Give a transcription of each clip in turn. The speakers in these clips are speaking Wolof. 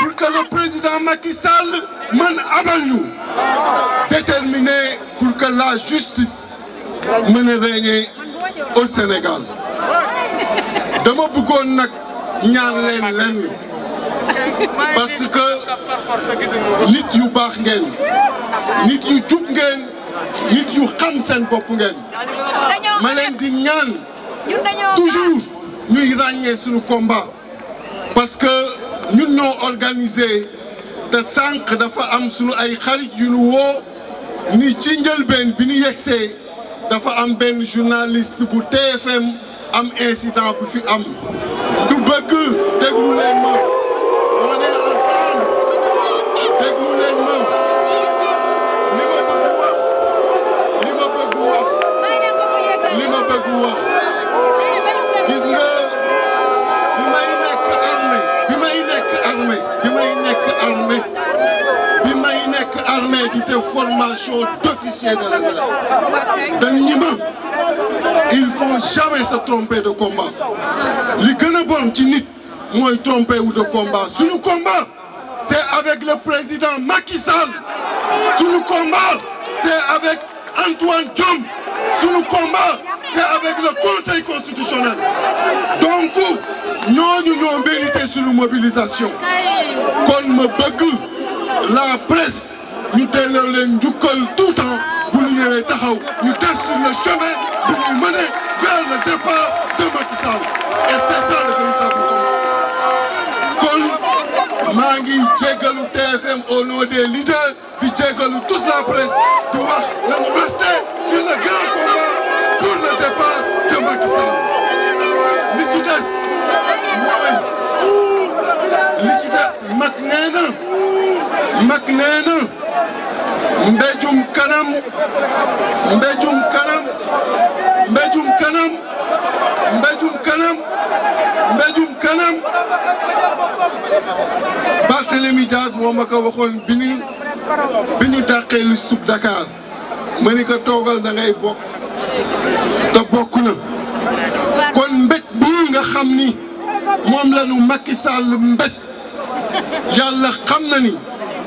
pour que le président Macky Sall mène déterminé pour que la justice mène au Sénégal parce que nit yu ngeen nit yu ni ngeen nit yu xam ngeen toujours combat parce que ñun noo organisé te sànq dafa am sunu ay xarit yu nu woo ni ci njëlbeen bi ñu yegsee dafa am benn journaliste bu TFM am incident bu fi am du bëgg déglu leen ma formation fichiers de la de l'imam il faut jamais se tromper de combat Les qui est bon ci nit de combat le combat c'est avec le président Macky Sall le combat c'est avec Antoine Sous le combat c'est avec le Conseil constitutionnel donc nous, vérité mérité la mobilisation Comme me bëgg la presse ñu delloo leen njukkal tout le taxaw ñu des sur le chemin bu ñu mener vers le départ de Macky Sall et c'est ça le véritable kon maa ngi jéggalu TFM au nom des leaders di la presse di wax nañu rester sur le grand combat pour le départ de Macky Sall li ci des mooy mbéjum kanam mbéjum kanam mbéjum kanam mbéjum kanam mbéjum kanam Barthélémy Dias moo ma ko waxoon bi ñu bi ñu dàqee li sub Dakar ma ni ko toogal da ngay bokk te bokk na kon mbéj bii nga xam ni moom Macky Sall mbéj yàlla xam ni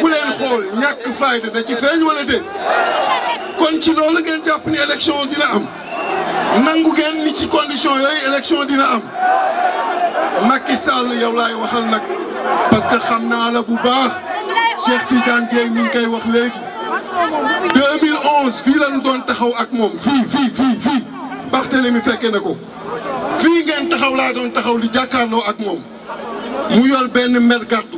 ku leen xool ñàkk fayda da ci feeñ wala déet kon ci loolu ngeen jàpp ni élection dina am nangu ngeen ni ci condition yooyu élection dina am Macky Sall yow laay waxal nag parce que xam naa la bu baax Cheikh Tidiane Dièye mi ngi koy wax léegi 2011 fii lañu doon taxaw ak moom fii fii fii fii Barthélemy fekke na ko fii ngeen taxaw laa doon taxaw li jàkkaarloo ak moom mu yor benn mer gàtt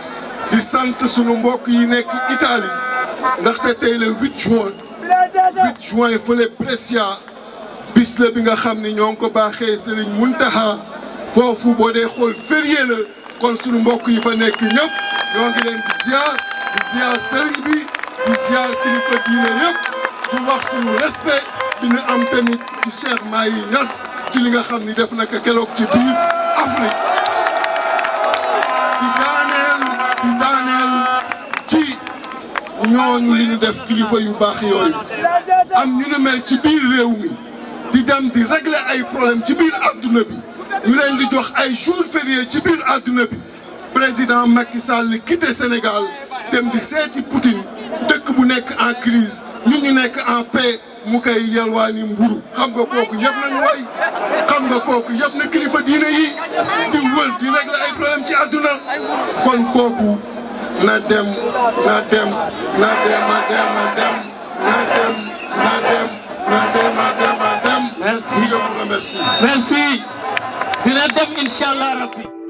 di sant sunu mbokk yi nekk Italie ndaxte tey le 8 juin 8 juin fële Brescia bis la bi nga xam ni ñoo ngi ko baaxee Serigne Mountakha foofu boo dee xool férié la kon sunu mbokk yi fa nekk ñëpp ñoo ngi leen di ziar di ziar Serigne bi di ziar kilifa diine yëpp di wax sunu respect bi ñu am tamit ci Cheikh Mahi Niass ci li nga xam ni def na ko keroog ci biir Afrique. ñooñu li ñu def kilifa yu baax yooyu am ñu ne mel ci biir réew mi di dem di régler ay problème ci biir adduna bi ñu leen di jox ay jours fériés ci biir adduna bi président Macky Sall quitté Sénégal dem di seeti Poutine dëkk bu nekk en crise ñun ñu nekk en paix mu koy yalwaani mburu xam nga kooku yëpp na way xam nga kooku yëpp na kilifa diine yi di wël di régler ay problème ci adduna kon kooku na dem na dem na dem na dem na dem na dem na dem na dem na dem na dem. merci je vous remercie. merci. dina dem incha allah rabbi.